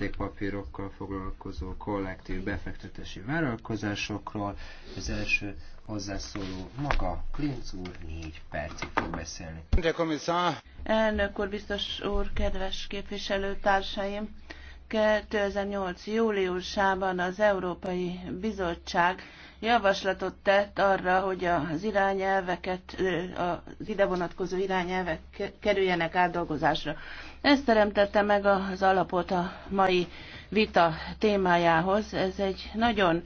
értékpapírokkal foglalkozó kollektív befektetési vállalkozásokról. Az első hozzászóló maga Klinc úr négy percig fog beszélni. Elnök úr, biztos úr, kedves képviselőtársaim! 2008. júliusában az Európai Bizottság javaslatot tett arra, hogy az irányelveket, az ide vonatkozó irányelvek kerüljenek átdolgozásra. Ez teremtette meg az alapot a mai vita témájához. Ez egy nagyon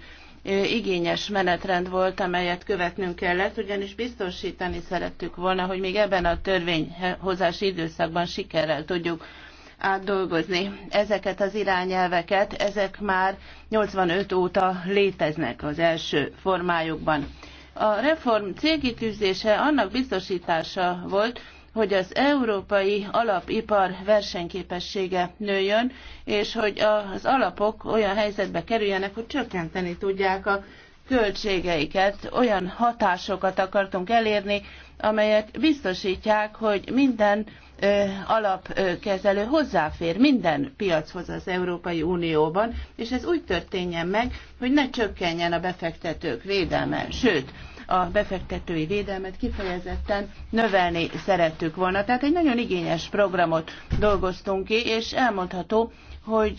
igényes menetrend volt, amelyet követnünk kellett, ugyanis biztosítani szerettük volna, hogy még ebben a törvényhozási időszakban sikerrel tudjuk átdolgozni ezeket az irányelveket, ezek már 85 óta léteznek az első formájukban. A reform célkitűzése annak biztosítása volt, hogy az európai alapipar versenyképessége nőjön, és hogy az alapok olyan helyzetbe kerüljenek, hogy csökkenteni tudják a költségeiket, olyan hatásokat akartunk elérni, amelyek biztosítják, hogy minden alapkezelő hozzáfér minden piachoz az Európai Unióban, és ez úgy történjen meg, hogy ne csökkenjen a befektetők védelme, sőt, a befektetői védelmet kifejezetten növelni szerettük volna. Tehát egy nagyon igényes programot dolgoztunk ki, és elmondható, hogy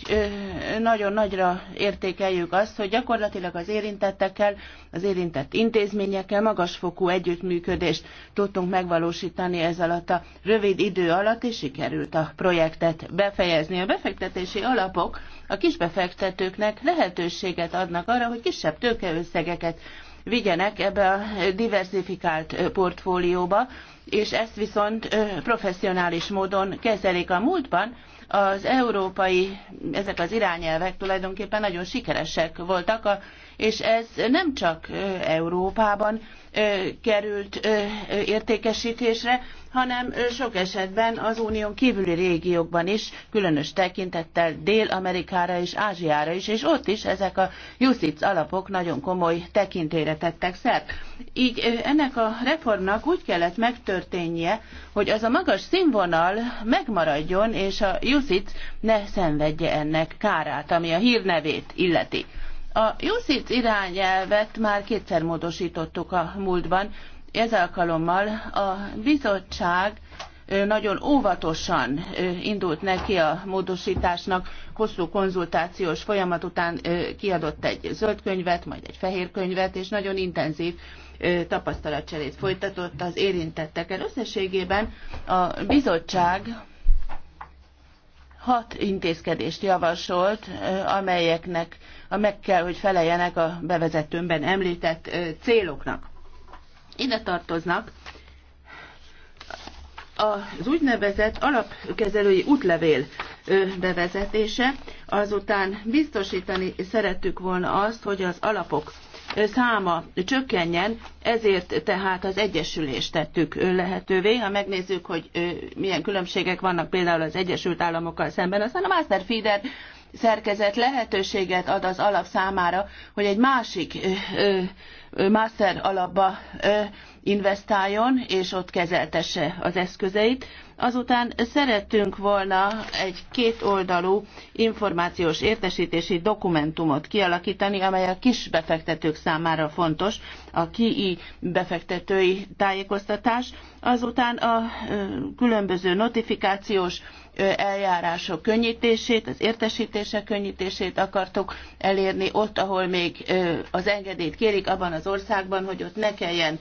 nagyon nagyra értékeljük azt, hogy gyakorlatilag az érintettekkel, az érintett intézményekkel magasfokú együttműködést tudtunk megvalósítani ez alatt a rövid idő alatt, és sikerült a projektet befejezni. A befektetési alapok a kisbefektetőknek lehetőséget adnak arra, hogy kisebb tőkeösszegeket vigyenek ebbe a diversifikált portfólióba, és ezt viszont professzionális módon kezelik a múltban, az európai, ezek az irányelvek tulajdonképpen nagyon sikeresek voltak. A és ez nem csak Európában került értékesítésre, hanem sok esetben az unión kívüli régiókban is, különös tekintettel Dél-Amerikára és Ázsiára is, és ott is ezek a UCITS alapok nagyon komoly tekintélyre tettek szert. Így ennek a reformnak úgy kellett megtörténnie, hogy az a magas színvonal megmaradjon, és a UCITS ne szenvedje ennek kárát, ami a hírnevét illeti. A Jusszit irányelvet már kétszer módosítottuk a múltban. Ez alkalommal a bizottság nagyon óvatosan indult neki a módosításnak, hosszú konzultációs folyamat után kiadott egy zöld könyvet, majd egy fehér könyvet, és nagyon intenzív tapasztalatcserét folytatott az érintettekkel. Összességében a bizottság hat intézkedést javasolt, amelyeknek meg kell, hogy feleljenek a bevezetőmben említett céloknak. Ide tartoznak az úgynevezett alapkezelői útlevél bevezetése, azután biztosítani szerettük volna azt, hogy az alapok száma csökkenjen, ezért tehát az egyesülést tettük lehetővé. Ha megnézzük, hogy milyen különbségek vannak például az Egyesült Államokkal szemben, aztán a Master Feeder szerkezet lehetőséget ad az alap számára, hogy egy másik master alapba investáljon, és ott kezeltesse az eszközeit. Azután szerettünk volna egy kétoldalú információs értesítési dokumentumot kialakítani, amely a kis befektetők számára fontos, a kii befektetői tájékoztatás. Azután a különböző notifikációs eljárások könnyítését, az értesítések könnyítését akartuk elérni ott, ahol még az engedélyt kérik abban az országban, hogy ott ne kelljen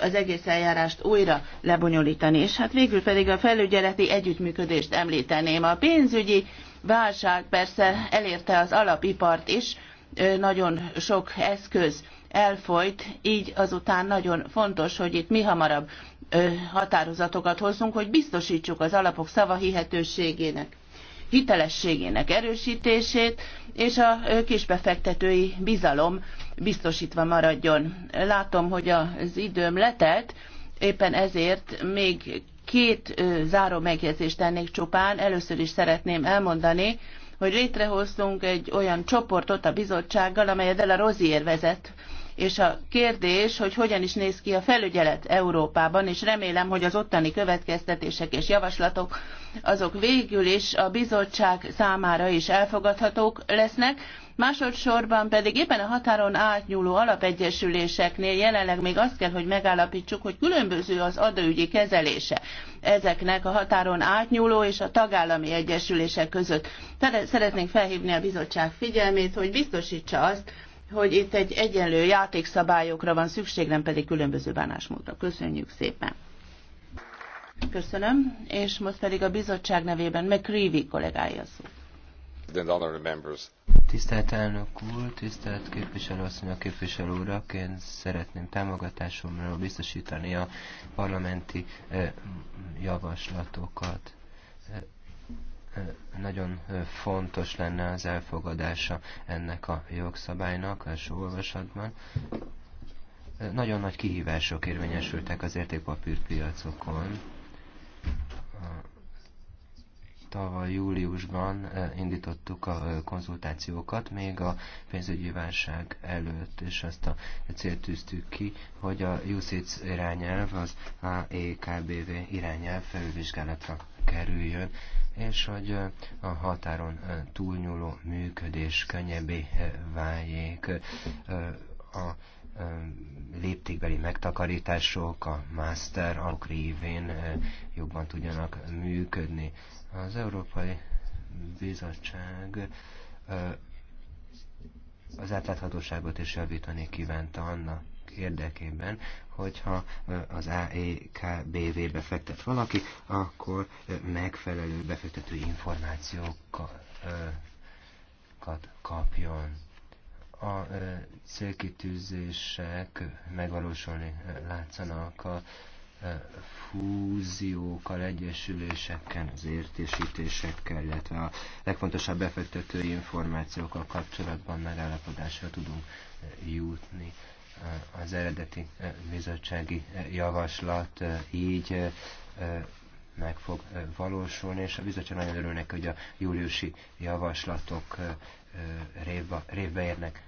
az egész eljárást újra lebonyolítani. És hát végül pedig a felügyeleti együttműködést említeném. A pénzügyi válság persze elérte az alapipart is, nagyon sok eszköz elfolyt, így azután nagyon fontos, hogy itt mi hamarabb határozatokat hozzunk, hogy biztosítsuk az alapok szava hihetőségének hitelességének erősítését, és a kisbefektetői bizalom biztosítva maradjon. Látom, hogy az időm letelt, éppen ezért még két záró megjegyzést tennék csupán. Először is szeretném elmondani, hogy létrehoztunk egy olyan csoportot a bizottsággal, amelyet el a Rozier vezet, és a kérdés, hogy hogyan is néz ki a felügyelet Európában, és remélem, hogy az ottani következtetések és javaslatok azok végül is a bizottság számára is elfogadhatók lesznek, másodsorban pedig éppen a határon átnyúló alapegyesüléseknél jelenleg még azt kell, hogy megállapítsuk, hogy különböző az adóügyi kezelése ezeknek a határon átnyúló és a tagállami egyesülések között. szeretnénk felhívni a bizottság figyelmét, hogy biztosítsa azt, hogy itt egy egyenlő játékszabályokra van szükség, nem pedig különböző bánásmódra. Köszönjük szépen! Köszönöm, és most pedig a bizottság nevében McCreevy kollégája szó. Tisztelt elnök úr, tisztelt asszony, a képviselő urak, én szeretném támogatásomra biztosítani a parlamenti eh, javaslatokat nagyon fontos lenne az elfogadása ennek a jogszabálynak első olvasatban. Nagyon nagy kihívások érvényesültek az értékpapírpiacokon tavaly júliusban eh, indítottuk a eh, konzultációkat, még a pénzügyi válság előtt, és azt a célt tűztük ki, hogy a UCITS irányelv, az AEKBV irányelv felülvizsgálatra kerüljön, és hogy eh, a határon túlnyúló működés könnyebbé váljék a léptékbeli megtakarítások a master alk révén jobban tudjanak működni. Az Európai Bizottság az átláthatóságot is javítani kívánta annak érdekében, hogyha az AEKBV-be fektet valaki, akkor megfelelő befektető információkat kapjon a e, célkitűzések megvalósulni e, látszanak a e, fúziókkal, egyesülésekkel, az értésítésekkel, illetve a legfontosabb befektetői információkkal kapcsolatban megállapodásra tudunk jutni. Az eredeti bizottsági javaslat így meg fog valósulni, és a bizottság nagyon örülnek, hogy a júliusi javaslatok révbe, révbe érnek.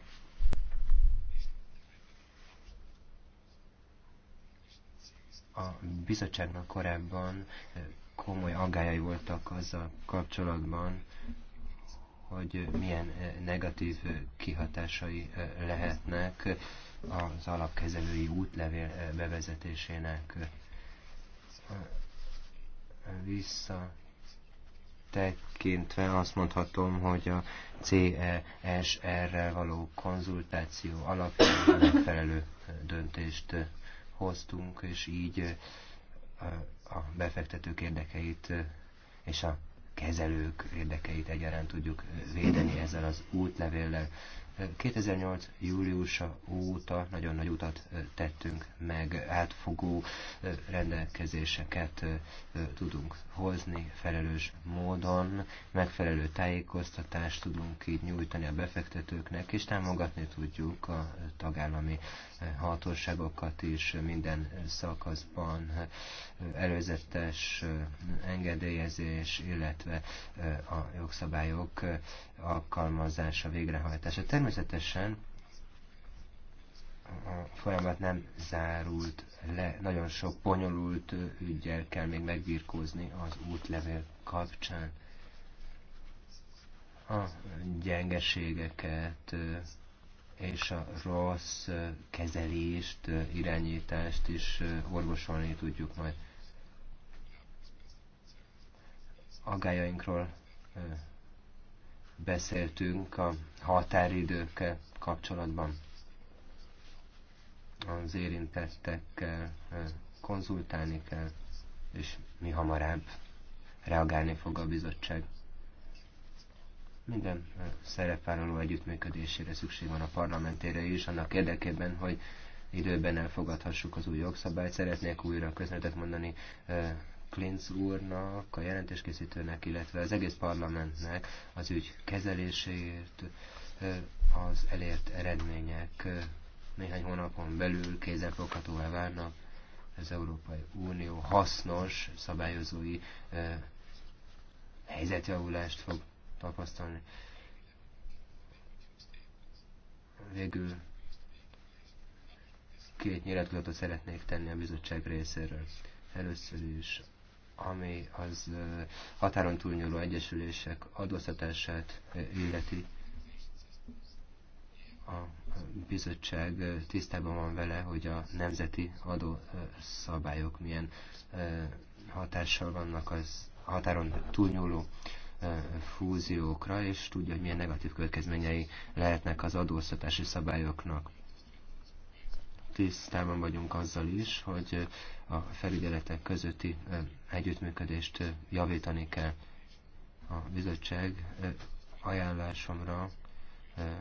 A bizottságnak korábban eh, komoly aggályai voltak azzal kapcsolatban, hogy milyen eh, negatív eh, kihatásai lehetnek az alapkezelői útlevél bevezetésének vissza tekintve azt mondhatom, hogy a CESR-rel való konzultáció alapján megfelelő döntést hoztunk, és így a befektetők érdekeit és a kezelők érdekeit egyaránt tudjuk védeni ezzel az útlevéllel. 2008. júliusa óta nagyon nagy utat tettünk meg, átfogó rendelkezéseket tudunk hozni felelős módon, megfelelő tájékoztatást tudunk így nyújtani a befektetőknek, és támogatni tudjuk a tagállami hatóságokat is minden szakaszban, előzetes engedélyezés, illetve a jogszabályok alkalmazása, végrehajtása. Természetesen Természetesen a folyamat nem zárult le, nagyon sok bonyolult ügyel kell még megbirkózni az útlevél kapcsán. A gyengeségeket és a rossz kezelést, irányítást is orvosolni tudjuk majd. Agályainkról beszéltünk a határidőkkel kapcsolatban. Az érintettekkel konzultálni kell, és mi hamarabb reagálni fog a bizottság. Minden szerepvállaló együttműködésére szükség van a parlamentére is, annak érdekében, hogy időben elfogadhassuk az új jogszabályt. Szeretnék újra köznetet mondani Klinz úrnak, a jelentéskészítőnek, illetve az egész parlamentnek az ügy kezeléséért, az elért eredmények néhány hónapon belül kézzelfoghatóvá várnak az Európai Unió hasznos szabályozói helyzetjavulást fog tapasztalni. Végül két nyilatkozatot szeretnék tenni a bizottság részéről. Először is ami az határon túlnyúló egyesülések adóztatását illeti. A bizottság tisztában van vele, hogy a nemzeti adószabályok milyen hatással vannak az határon túlnyúló fúziókra, és tudja, hogy milyen negatív következményei lehetnek az adóztatási szabályoknak tisztában vagyunk azzal is, hogy a felügyeletek közötti együttműködést javítani kell. A bizottság ajánlásomra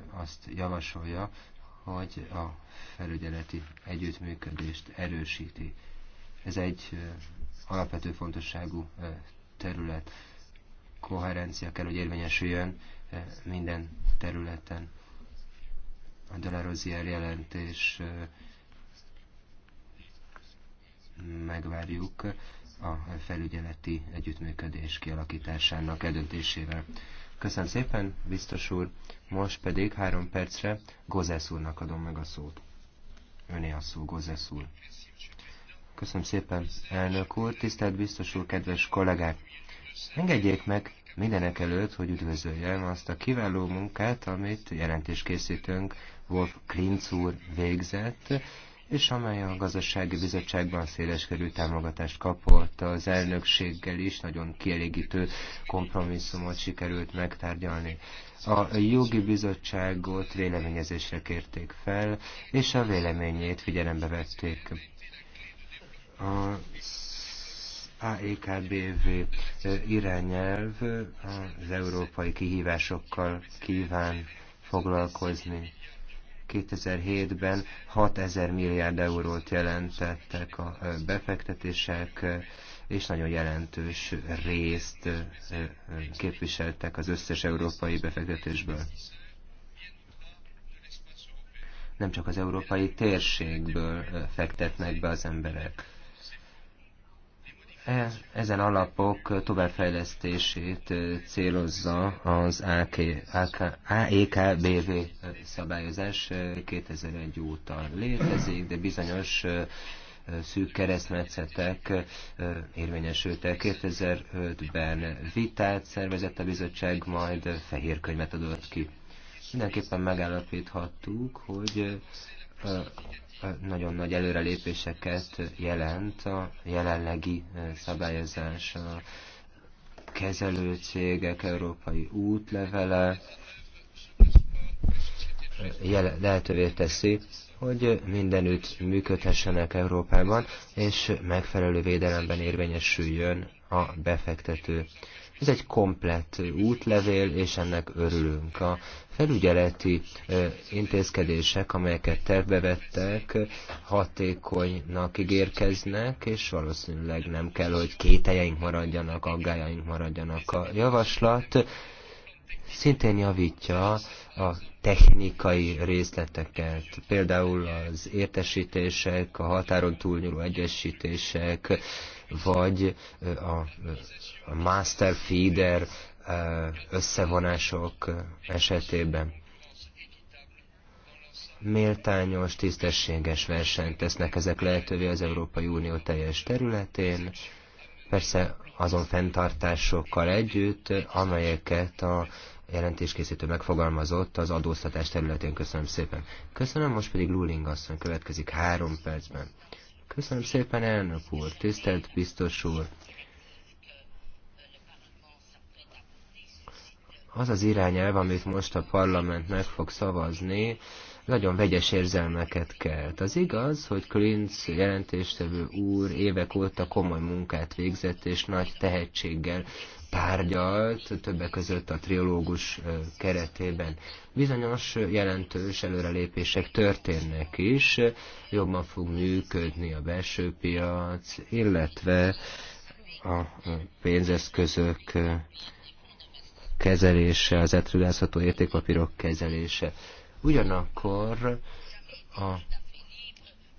azt javasolja, hogy a felügyeleti együttműködést erősíti. Ez egy alapvető fontosságú terület. Koherencia kell, hogy érvényesüljön minden területen. A Delarozier jelentés megvárjuk a felügyeleti együttműködés kialakításának eldöntésével. Köszönöm szépen, biztos úr. Most pedig három percre Gozesz úrnak adom meg a szót. Öné a szó, Gozesz úr. Köszönöm szépen, elnök úr, tisztelt biztos úr, kedves kollégák! Engedjék meg mindenek előtt, hogy üdvözöljem azt a kiváló munkát, amit jelentéskészítőnk Wolf Klinz úr végzett, és amely a gazdasági bizottságban széleskörű támogatást kapott. Az elnökséggel is nagyon kielégítő kompromisszumot sikerült megtárgyalni. A jogi bizottságot véleményezésre kérték fel, és a véleményét figyelembe vették. A AEKBV irányelv az európai kihívásokkal kíván foglalkozni 2007-ben 6000 milliárd eurót jelentettek a befektetések, és nagyon jelentős részt képviseltek az összes európai befektetésből. Nem csak az európai térségből fektetnek be az emberek E, ezen alapok továbbfejlesztését e, célozza az AEKBV szabályozás 2001 e, óta létezik, de bizonyos szűk keresztmetszetek érvényesültek. 2005-ben vitát szervezett a bizottság, majd fehér könyvet adott ki. Mindenképpen megállapíthattuk, hogy nagyon nagy előrelépéseket jelent a jelenlegi szabályozás, a kezelőcégek európai útlevele lehetővé teszi, hogy mindenütt működhessenek Európában, és megfelelő védelemben érvényesüljön a befektető. Ez egy komplett útlevél, és ennek örülünk. A felügyeleti intézkedések, amelyeket tervbe vettek, hatékonynak ígérkeznek, és valószínűleg nem kell, hogy kételjeink maradjanak, aggájaink maradjanak. A javaslat szintén javítja a technikai részleteket, például az értesítések, a határon túlnyúló egyesítések, vagy a, master feeder összevonások esetében méltányos, tisztességes versenyt tesznek ezek lehetővé az Európai Unió teljes területén, persze azon fenntartásokkal együtt, amelyeket a jelentéskészítő megfogalmazott az adóztatás területén. Köszönöm szépen. Köszönöm, most pedig Luling asszony következik három percben. Köszönöm szépen, elnök úr, tisztelt biztos úr. Az az irányelv, amit most a parlament meg fog szavazni, nagyon vegyes érzelmeket kelt. Az igaz, hogy Klinc jelentéstevő úr évek óta komoly munkát végzett, és nagy tehetséggel tárgyalt, többek között a triológus keretében. Bizonyos jelentős előrelépések történnek is, jobban fog működni a belső piac, illetve a pénzeszközök kezelése, az etrülázható értékpapírok kezelése. Ugyanakkor a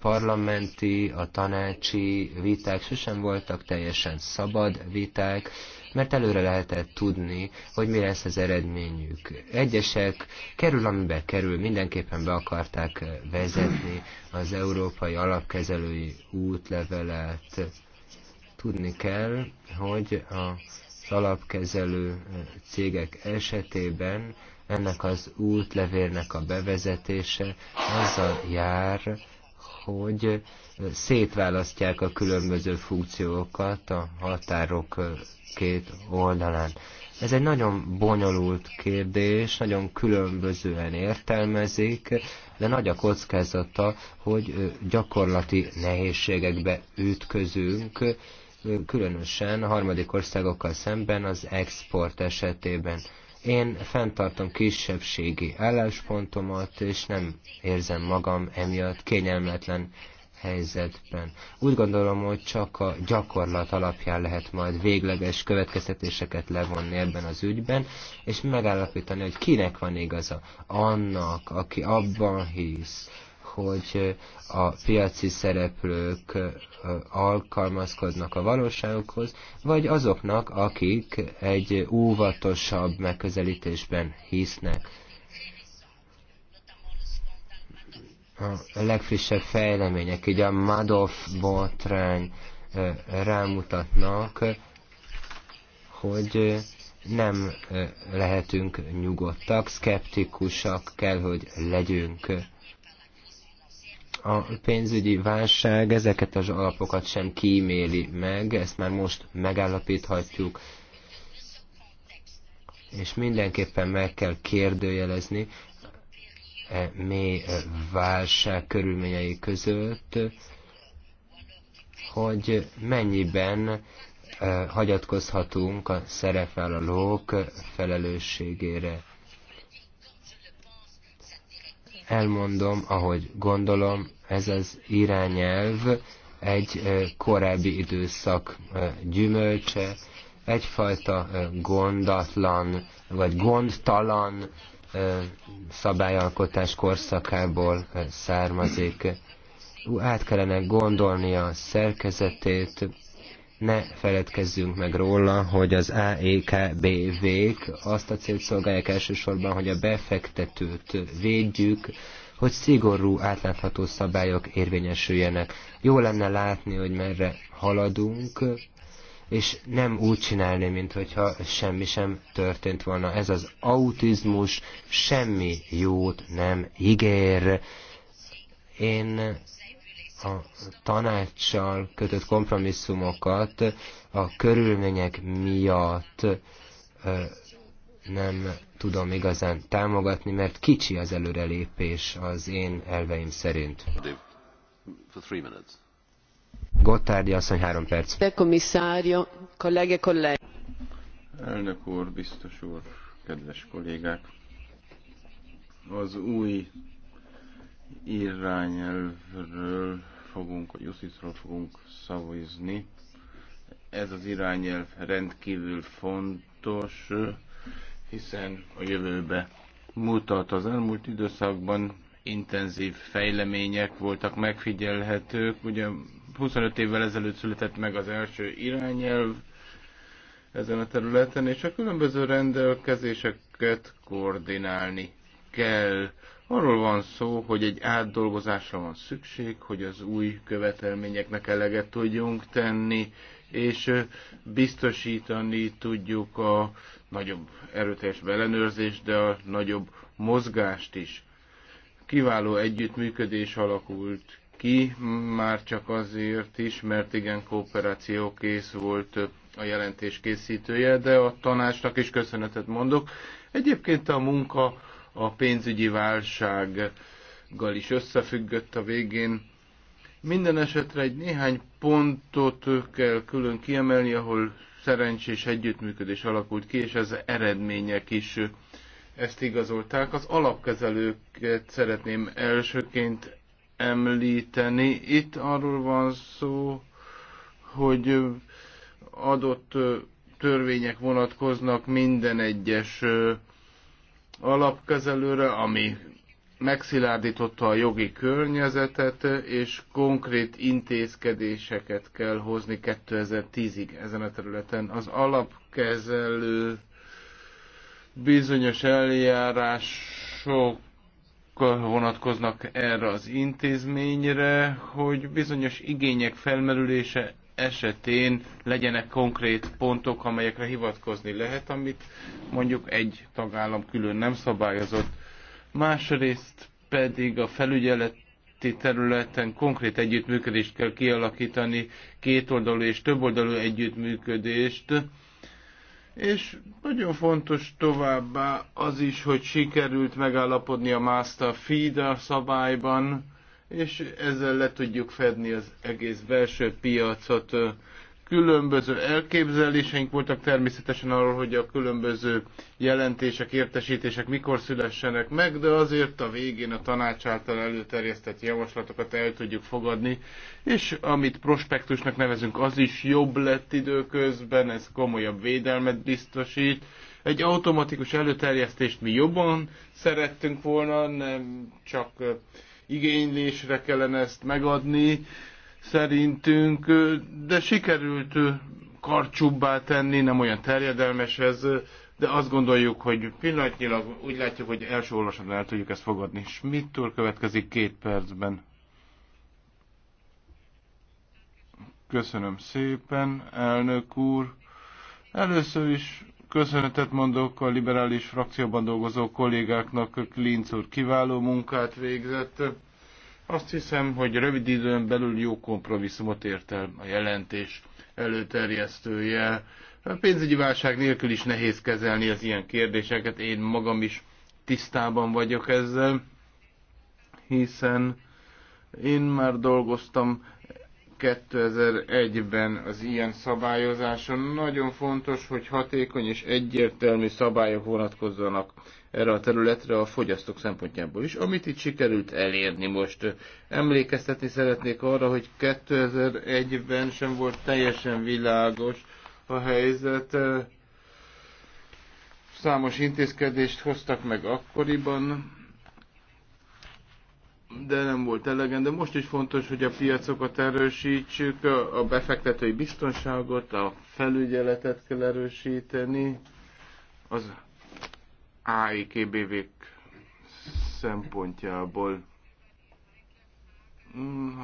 parlamenti, a tanácsi viták sosem voltak teljesen szabad viták, mert előre lehetett tudni, hogy mi lesz az eredményük. Egyesek kerül, amibe kerül, mindenképpen be akarták vezetni az európai alapkezelői útlevelet. Tudni kell, hogy az alapkezelő cégek esetében ennek az útlevélnek a bevezetése azzal jár, hogy szétválasztják a különböző funkciókat a határok két oldalán. Ez egy nagyon bonyolult kérdés, nagyon különbözően értelmezik, de nagy a kockázata, hogy gyakorlati nehézségekbe ütközünk, különösen a harmadik országokkal szemben az export esetében. Én fenntartom kisebbségi álláspontomat, és nem érzem magam emiatt kényelmetlen helyzetben. Úgy gondolom, hogy csak a gyakorlat alapján lehet majd végleges következtetéseket levonni ebben az ügyben, és megállapítani, hogy kinek van igaza. Annak, aki abban hisz, hogy a piaci szereplők alkalmazkodnak a valóságokhoz, vagy azoknak, akik egy óvatosabb megközelítésben hisznek. A legfrissebb fejlemények, így a Madoff botrány rámutatnak, hogy nem lehetünk nyugodtak, szkeptikusak kell, hogy legyünk. A pénzügyi válság ezeket az alapokat sem kíméli meg, ezt már most megállapíthatjuk, és mindenképpen meg kell kérdőjelezni e mély válság körülményei között, hogy mennyiben e, hagyatkozhatunk a szerepvállalók felelősségére elmondom, ahogy gondolom, ez az irányelv egy korábbi időszak gyümölcse, egyfajta gondatlan vagy gondtalan szabályalkotás korszakából származik. Át kellene gondolni a szerkezetét, ne feledkezzünk meg róla, hogy az AEKBV-k azt a célt szolgálják elsősorban, hogy a befektetőt védjük, hogy szigorú, átlátható szabályok érvényesüljenek. Jó lenne látni, hogy merre haladunk, és nem úgy csinálni, mint hogyha semmi sem történt volna. Ez az autizmus semmi jót nem ígér. Én a tanácssal kötött kompromisszumokat a körülmények miatt nem tudom igazán támogatni, mert kicsi az előrelépés az én elveim szerint. Gottárdi asszony, három perc. Elnök úr, biztos úr, kedves kollégák! Az új irányelvről fogunk, a Jusszitról fogunk szavazni. Ez az irányelv rendkívül fontos, hiszen a jövőbe mutat. Az elmúlt időszakban intenzív fejlemények voltak megfigyelhetők. Ugye 25 évvel ezelőtt született meg az első irányelv ezen a területen, és a különböző rendelkezéseket koordinálni kell. Arról van szó, hogy egy átdolgozásra van szükség, hogy az új követelményeknek eleget tudjunk tenni, és biztosítani tudjuk a nagyobb erőteljes ellenőrzést, de a nagyobb mozgást is. Kiváló együttműködés alakult ki, már csak azért is, mert igen, kooperáció kész volt a jelentés készítője, de a tanácsnak is köszönetet mondok. Egyébként a munka a pénzügyi válsággal is összefüggött a végén. Minden esetre egy néhány pontot kell külön kiemelni, ahol szerencsés együttműködés alakult ki, és ez eredmények is ezt igazolták. Az alapkezelőket szeretném elsőként említeni. Itt arról van szó, hogy adott törvények vonatkoznak minden egyes alapkezelőre, ami megszilárdította a jogi környezetet, és konkrét intézkedéseket kell hozni 2010-ig ezen a területen. Az alapkezelő bizonyos eljárások vonatkoznak erre az intézményre, hogy bizonyos igények felmerülése esetén legyenek konkrét pontok, amelyekre hivatkozni lehet, amit mondjuk egy tagállam külön nem szabályozott. Másrészt pedig a felügyeleti területen konkrét együttműködést kell kialakítani, kétoldalú és többoldalú együttműködést, és nagyon fontos továbbá az is, hogy sikerült megállapodni a Master Feeder szabályban, és ezzel le tudjuk fedni az egész belső piacot. Különböző elképzeléseink voltak természetesen arról, hogy a különböző jelentések, értesítések mikor szülessenek meg, de azért a végén a tanács által előterjesztett javaslatokat el tudjuk fogadni, és amit prospektusnak nevezünk, az is jobb lett időközben, ez komolyabb védelmet biztosít, egy automatikus előterjesztést mi jobban szerettünk volna, nem csak igénylésre kellene ezt megadni szerintünk, de sikerült karcsúbbá tenni, nem olyan terjedelmes ez, de azt gondoljuk, hogy pillanatnyilag úgy látjuk, hogy első olvasatban el tudjuk ezt fogadni. És mitől következik két percben. Köszönöm szépen, elnök úr. Először is Köszönetet mondok a liberális frakcióban dolgozó kollégáknak, Klinc úr kiváló munkát végzett. Azt hiszem, hogy rövid időn belül jó kompromisszumot ért el a jelentés előterjesztője. A pénzügyi válság nélkül is nehéz kezelni az ilyen kérdéseket, én magam is tisztában vagyok ezzel, hiszen én már dolgoztam 2001-ben az ilyen szabályozáson. Nagyon fontos, hogy hatékony és egyértelmű szabályok vonatkozzanak erre a területre a fogyasztók szempontjából is, amit itt sikerült elérni most. Emlékeztetni szeretnék arra, hogy 2001-ben sem volt teljesen világos a helyzet. Számos intézkedést hoztak meg akkoriban, de nem volt elegendő. de most is fontos, hogy a piacokat erősítsük, a befektetői biztonságot, a felügyeletet kell erősíteni, az AIKBV szempontjából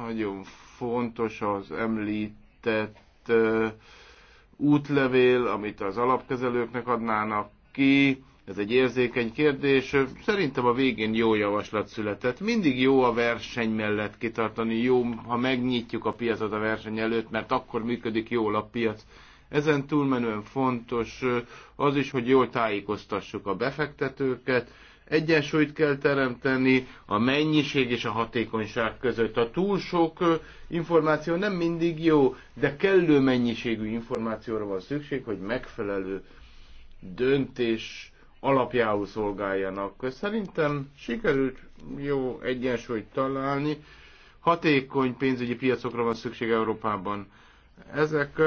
nagyon fontos az említett útlevél, amit az alapkezelőknek adnának ki, ez egy érzékeny kérdés. Szerintem a végén jó javaslat született. Mindig jó a verseny mellett kitartani, jó, ha megnyitjuk a piacot a verseny előtt, mert akkor működik jól a piac. Ezen túlmenően fontos az is, hogy jól tájékoztassuk a befektetőket, egyensúlyt kell teremteni a mennyiség és a hatékonyság között. A túl sok információ nem mindig jó, de kellő mennyiségű információra van szükség, hogy megfelelő döntés alapjául szolgáljanak. Szerintem sikerült jó egyensúlyt találni. Hatékony pénzügyi piacokra van szükség Európában. Ezek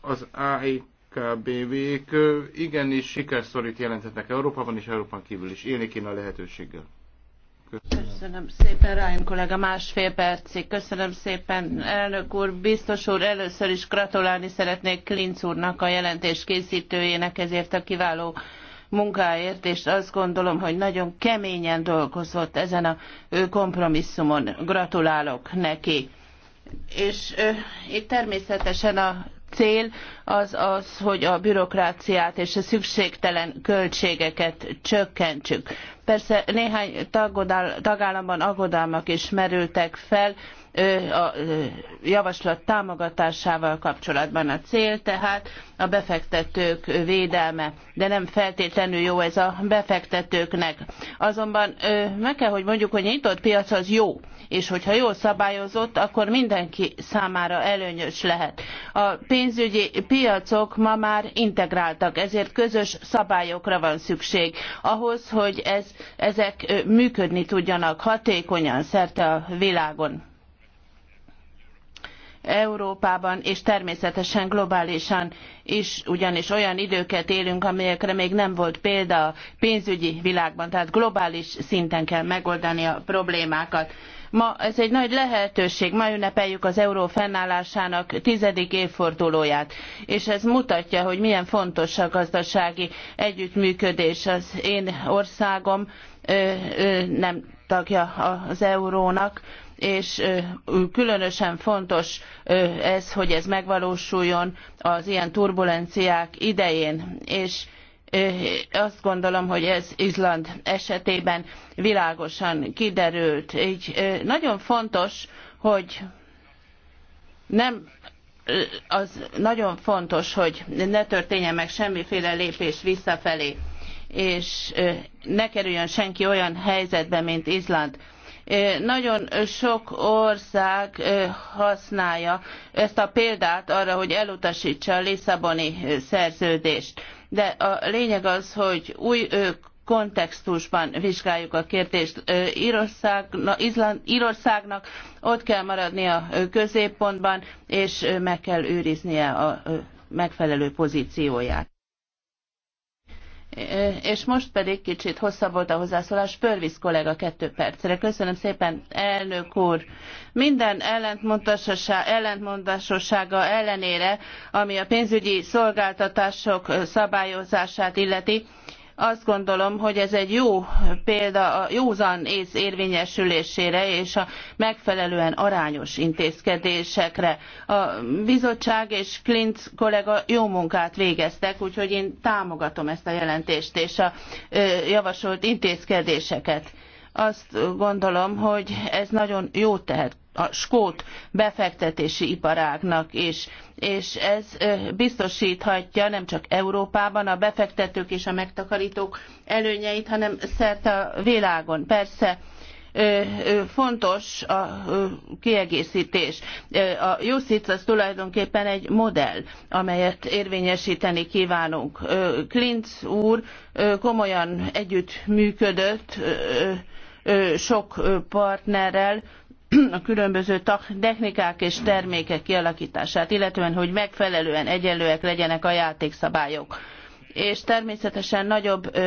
az AIKBV-k igenis sikerszorít jelentetnek Európában és Európán kívül is. Élni kéne a lehetőséggel. Köszönöm. Köszönöm szépen, Ryan kollega, másfél percig. Köszönöm szépen, elnök úr, biztos úr, először is gratulálni szeretnék Klinc úrnak, a jelentés készítőjének ezért a kiváló munkáért, és azt gondolom, hogy nagyon keményen dolgozott ezen a kompromisszumon. Gratulálok neki. És itt természetesen a cél az az, hogy a bürokráciát és a szükségtelen költségeket csökkentsük. Persze néhány tagállamban aggodalmak is merültek fel, a javaslat támogatásával kapcsolatban a cél, tehát a befektetők védelme, de nem feltétlenül jó ez a befektetőknek. Azonban meg kell, hogy mondjuk, hogy nyitott piac az jó, és hogyha jól szabályozott, akkor mindenki számára előnyös lehet. A pénzügyi piacok ma már integráltak, ezért közös szabályokra van szükség ahhoz, hogy ez, ezek működni tudjanak hatékonyan szerte a világon Európában és természetesen globálisan is, ugyanis olyan időket élünk, amelyekre még nem volt példa a pénzügyi világban, tehát globális szinten kell megoldani a problémákat. Ma ez egy nagy lehetőség, ma ünnepeljük az euró fennállásának tizedik évfordulóját, és ez mutatja, hogy milyen fontos a gazdasági együttműködés az én országom, nem tagja az eurónak, és különösen fontos ez, hogy ez megvalósuljon az ilyen turbulenciák idején, és azt gondolom, hogy ez Izland esetében világosan kiderült. gy nagyon fontos, hogy nem az nagyon fontos, hogy ne történjen meg semmiféle lépés visszafelé, és ne kerüljön senki olyan helyzetbe, mint Izland nagyon sok ország használja ezt a példát arra, hogy elutasítsa a Lisszaboni szerződést. De a lényeg az, hogy új kontextusban vizsgáljuk a kérdést. Írországnak, Izland, Írországnak ott kell maradni a középpontban, és meg kell őriznie a megfelelő pozícióját. És most pedig kicsit hosszabb volt a hozzászólás. Pörvisz kollega kettő percre. Köszönöm szépen, elnök úr. Minden ellentmondásossága ellenére, ami a pénzügyi szolgáltatások szabályozását illeti, azt gondolom, hogy ez egy jó példa a józan ész érvényesülésére és a megfelelően arányos intézkedésekre. A bizottság és Klinc kollega jó munkát végeztek, úgyhogy én támogatom ezt a jelentést és a javasolt intézkedéseket. Azt gondolom, hogy ez nagyon jót tehet a skót befektetési iparágnak is. És ez biztosíthatja nem csak Európában a befektetők és a megtakarítók előnyeit, hanem szerte a világon. Persze fontos a kiegészítés. A UCITS az tulajdonképpen egy modell, amelyet érvényesíteni kívánunk. Klinc úr komolyan együttműködött sok partnerrel, a különböző technikák és termékek kialakítását, illetően, hogy megfelelően egyenlőek legyenek a játékszabályok és természetesen nagyobb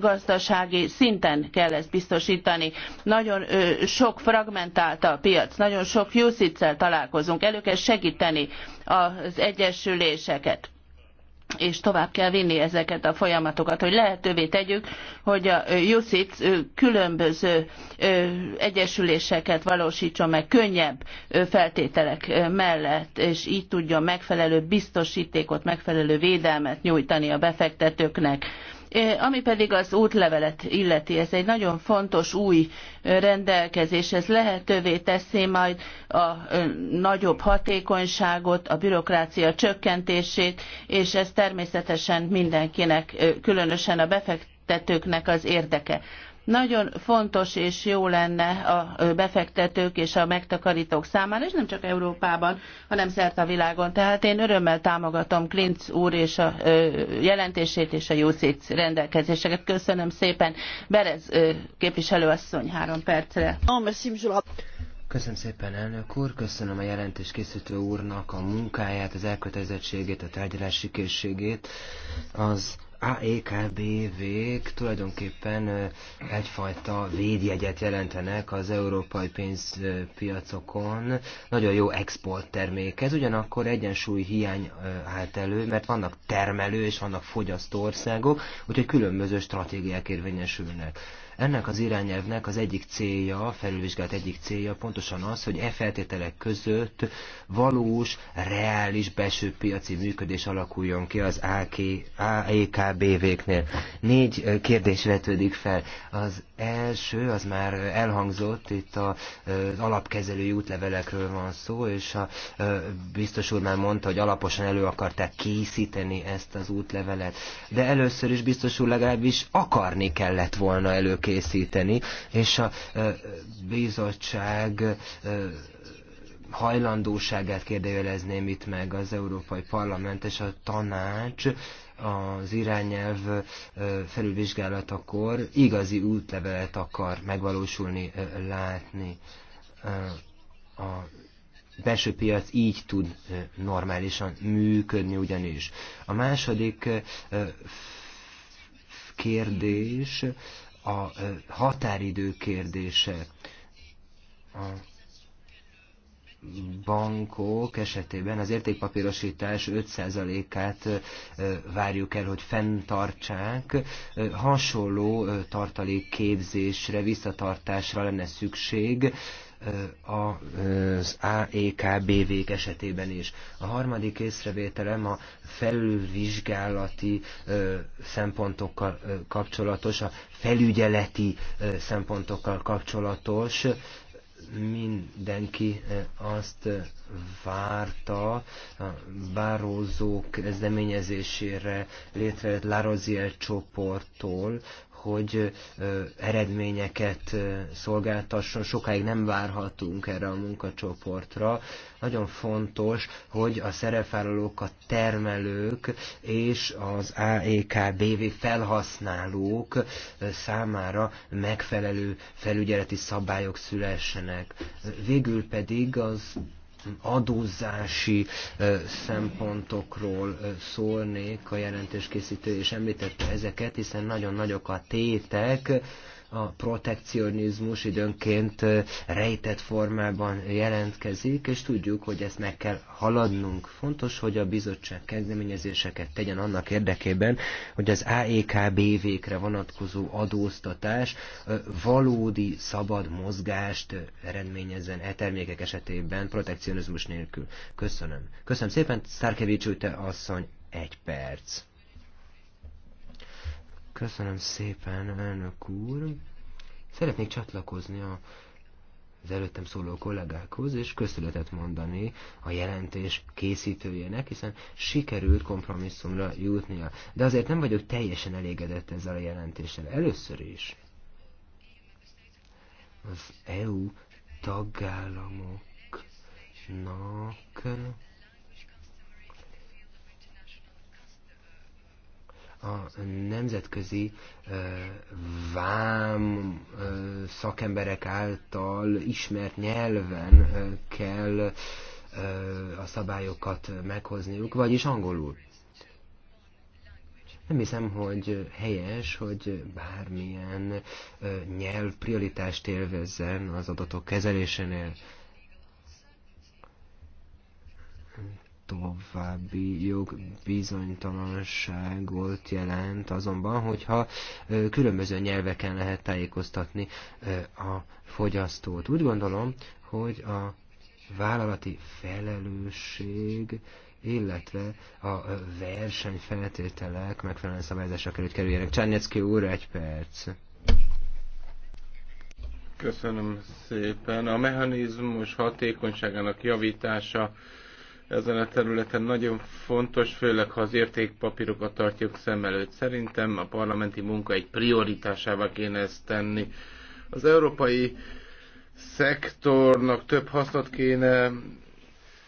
gazdasági szinten kell ezt biztosítani. Nagyon sok fragmentált a piac, nagyon sok UCITS-szel találkozunk, elő kell segíteni az egyesüléseket és tovább kell vinni ezeket a folyamatokat, hogy lehetővé tegyük, hogy a JUSZIT különböző egyesüléseket valósítson meg könnyebb feltételek mellett, és így tudjon megfelelő biztosítékot, megfelelő védelmet nyújtani a befektetőknek ami pedig az útlevelet illeti, ez egy nagyon fontos új rendelkezés, ez lehetővé teszi majd a nagyobb hatékonyságot, a bürokrácia csökkentését, és ez természetesen mindenkinek, különösen a befektetőknek az érdeke nagyon fontos és jó lenne a befektetők és a megtakarítók számára, és nem csak Európában, hanem szerte a világon. Tehát én örömmel támogatom Klinc úr és a jelentését és a UCIC rendelkezéseket. Köszönöm szépen. Berez képviselőasszony három percre. Köszönöm szépen, elnök úr, köszönöm a jelentés készítő úrnak a munkáját, az elkötelezettségét, a tárgyalási készségét. Az AEKBV-k tulajdonképpen egyfajta védjegyet jelentenek az európai pénzpiacokon. Nagyon jó exporttermék ez, ugyanakkor egyensúly hiány állt elő, mert vannak termelő és vannak fogyasztó országok, úgyhogy különböző stratégiák érvényesülnek ennek az irányelvnek az egyik célja, a felülvizsgált egyik célja pontosan az, hogy e feltételek között valós, reális belső piaci működés alakuljon ki az AKBV-knél. E Négy eh, kérdés vetődik fel. Az első, az már elhangzott, itt az alapkezelői útlevelekről van szó, és a biztos úr már mondta, hogy alaposan elő akarták készíteni ezt az útlevelet. De először is biztos úr legalábbis akarni kellett volna előkészíteni, és a bizottság hajlandóságát kérdőjelezném itt meg az Európai Parlament és a tanács az irányelv felülvizsgálatakor igazi útlevelet akar megvalósulni, látni. A belső piac így tud normálisan működni ugyanis. A második kérdés a határidő kérdése. A bankok esetében az értékpapírosítás 5%-át várjuk el, hogy fenntartsák. Hasonló képzésre, visszatartásra lenne szükség az AEKBV-k esetében is. A harmadik észrevételem a felülvizsgálati szempontokkal kapcsolatos, a felügyeleti szempontokkal kapcsolatos mindenki eh, azt eh, várta a bárózók kezdeményezésére létrejött Larozier csoporttól, hogy eredményeket szolgáltasson. Sokáig nem várhatunk erre a munkacsoportra. Nagyon fontos, hogy a szerepvállalók, a termelők és az AEKBV felhasználók számára megfelelő felügyeleti szabályok szülessenek. Végül pedig az adózási szempontokról szólnék, a jelentéskészítő és említette ezeket, hiszen nagyon nagyok a tétek, a protekcionizmus időnként rejtett formában jelentkezik, és tudjuk, hogy ezt meg kell haladnunk. Fontos, hogy a bizottság kezdeményezéseket tegyen annak érdekében, hogy az AEKBV-kre vonatkozó adóztatás valódi szabad mozgást eredményezzen e termékek esetében protekcionizmus nélkül. Köszönöm. Köszönöm szépen, Szárkevics te asszony, egy perc. Köszönöm szépen, elnök úr. Szeretnék csatlakozni a az előttem szóló kollégákhoz, és köszönetet mondani a jelentés készítőjének, hiszen sikerült kompromisszumra jutnia. De azért nem vagyok teljesen elégedett ezzel a jelentéssel. Először is az EU tagállamoknak a nemzetközi vám szakemberek által ismert nyelven kell a szabályokat meghozniuk, vagyis angolul. Nem hiszem, hogy helyes, hogy bármilyen nyelv prioritást élvezzen az adatok kezelésénél további jogbizonytalanságot jelent azonban, hogyha különböző nyelveken lehet tájékoztatni a fogyasztót. Úgy gondolom, hogy a vállalati felelősség illetve a versenyfeltételek megfelelően szabályozásra kell, hogy kerüljenek. Csárnyecki úr, egy perc. Köszönöm szépen. A mechanizmus hatékonyságának javítása ezen a területen nagyon fontos, főleg ha az értékpapírokat tartjuk szem előtt. Szerintem a parlamenti munka egy prioritásával kéne ezt tenni. Az európai szektornak több hasznot kéne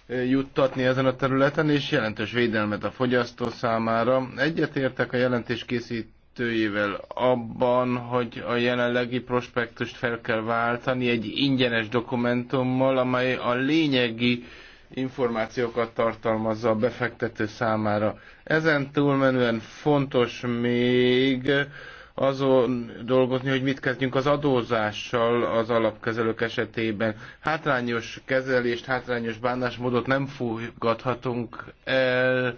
eh, juttatni ezen a területen, és jelentős védelmet a fogyasztó számára. Egyetértek a jelentés készítőjével abban, hogy a jelenlegi prospektust fel kell váltani egy ingyenes dokumentummal, amely a lényegi információkat tartalmazza a befektető számára. Ezen túlmenően fontos még azon dolgozni, hogy mit kezdjünk az adózással az alapkezelők esetében. Hátrányos kezelést, hátrányos bánásmódot nem fogadhatunk el,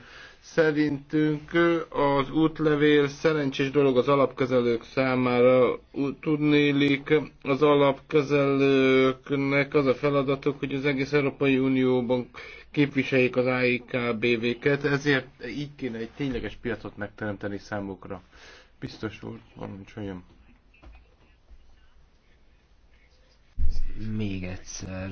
Szerintünk az útlevél szerencsés dolog az alapkezelők számára. Tudnélik, az alapkezelőknek az a feladatok, hogy az egész Európai Unióban képviseljék az AIKBV-ket, ezért így kéne egy tényleges piacot megteremteni számukra. Biztos úr, parancsoljon. Még egyszer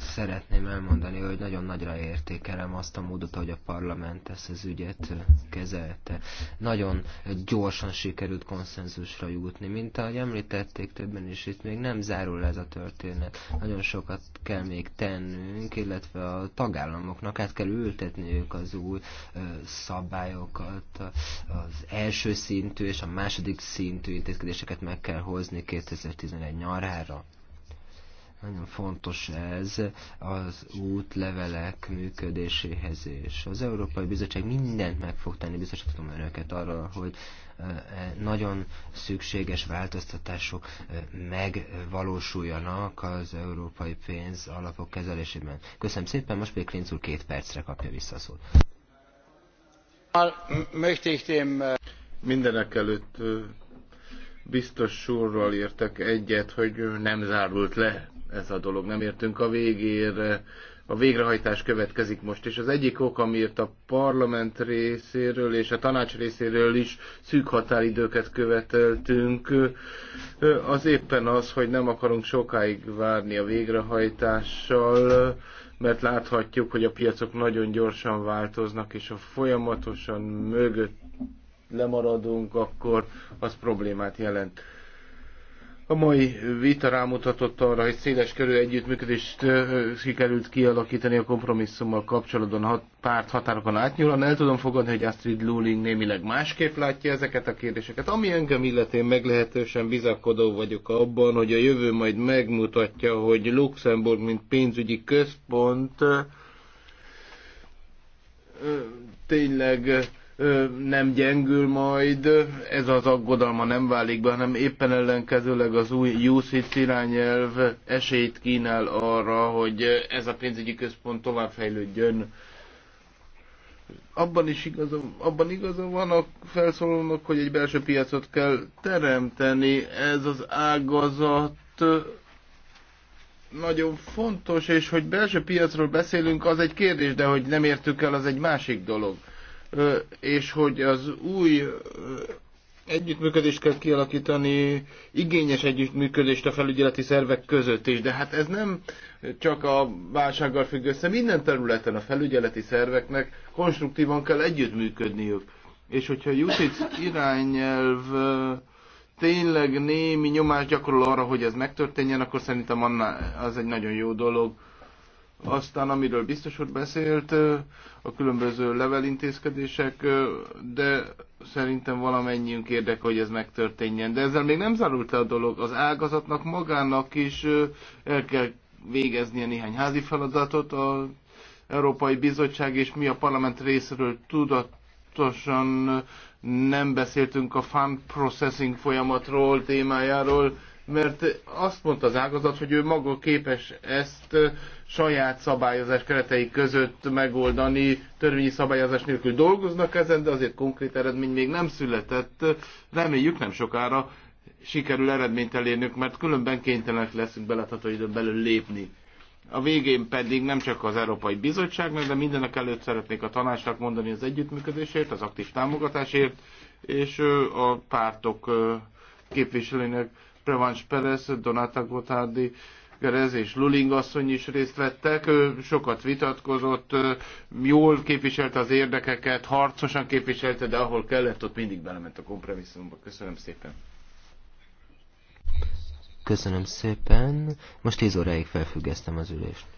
Szeretném elmondani, hogy nagyon nagyra értékelem azt a módot, hogy a parlament ezt az ügyet kezelte. Nagyon gyorsan sikerült konszenzusra jutni, mint ahogy említették többen is, itt még nem zárul ez a történet. Nagyon sokat kell még tennünk, illetve a tagállamoknak át kell ültetniük az új szabályokat, az első szintű és a második szintű intézkedéseket meg kell hozni 2011 nyarára. Nagyon fontos ez az útlevelek működéséhez és az Európai Bizottság mindent meg fog tenni, biztosítom önöket arra, hogy e, nagyon szükséges változtatások megvalósuljanak az európai pénz alapok kezelésében. Köszönöm szépen, most pedig Klinc úr két percre kapja vissza a szót. Mindenek előtt biztos úrral értek egyet, hogy nem zárult le ez a dolog, nem értünk a végére. A végrehajtás következik most, és az egyik ok, amiért a parlament részéről és a tanács részéről is szűk határidőket követeltünk, az éppen az, hogy nem akarunk sokáig várni a végrehajtással, mert láthatjuk, hogy a piacok nagyon gyorsan változnak, és a folyamatosan mögött lemaradunk, akkor az problémát jelent. A mai vita rámutatott arra, hogy széles körű együttműködést sikerült kialakítani a kompromisszummal kapcsolatban a párt határokon átnyúlóan. El tudom fogadni, hogy Astrid Luling némileg másképp látja ezeket a kérdéseket. Ami engem illetén meglehetősen bizakodó vagyok abban, hogy a jövő majd megmutatja, hogy Luxemburg, mint pénzügyi központ tényleg nem gyengül majd, ez az aggodalma nem válik be, hanem éppen ellenkezőleg az új UCC irányelv esélyt kínál arra, hogy ez a pénzügyi központ továbbfejlődjön. Abban is igaza, abban igaza van a felszólónak, hogy egy belső piacot kell teremteni. Ez az ágazat nagyon fontos, és hogy belső piacról beszélünk, az egy kérdés, de hogy nem értük el, az egy másik dolog és hogy az új együttműködést kell kialakítani, igényes együttműködést a felügyeleti szervek között is, de hát ez nem csak a válsággal függ össze, minden területen a felügyeleti szerveknek konstruktívan kell együttműködniük. És hogyha Jutic irányelv tényleg némi nyomást gyakorol arra, hogy ez megtörténjen, akkor szerintem annál az egy nagyon jó dolog. Aztán, amiről biztos hogy beszélt, a különböző levelintézkedések, de szerintem valamennyiünk érdeke, hogy ez megtörténjen. De ezzel még nem zárult le a dolog. Az ágazatnak magának is el kell végeznie néhány házi feladatot. Az Európai Bizottság és mi a parlament részéről tudatosan nem beszéltünk a fan processing folyamatról, témájáról mert azt mondta az ágazat, hogy ő maga képes ezt saját szabályozás keretei között megoldani, törvényi szabályozás nélkül dolgoznak ezen, de azért konkrét eredmény még nem született. Reméljük nem sokára sikerül eredményt elérnünk, mert különben kénytelenek leszünk belátható időn belül lépni. A végén pedig nem csak az Európai Bizottságnak, de mindenek előtt szeretnék a tanácsnak mondani az együttműködésért, az aktív támogatásért, és a pártok képviselőinek Prevans Perez, Donata Gotardi, Gerez és Luling asszony is részt vettek. Ő sokat vitatkozott, jól képviselte az érdekeket, harcosan képviselte, de ahol kellett, ott mindig belement a kompromisszumba. Köszönöm szépen. Köszönöm szépen. Most 10 óráig felfüggesztem az ülést.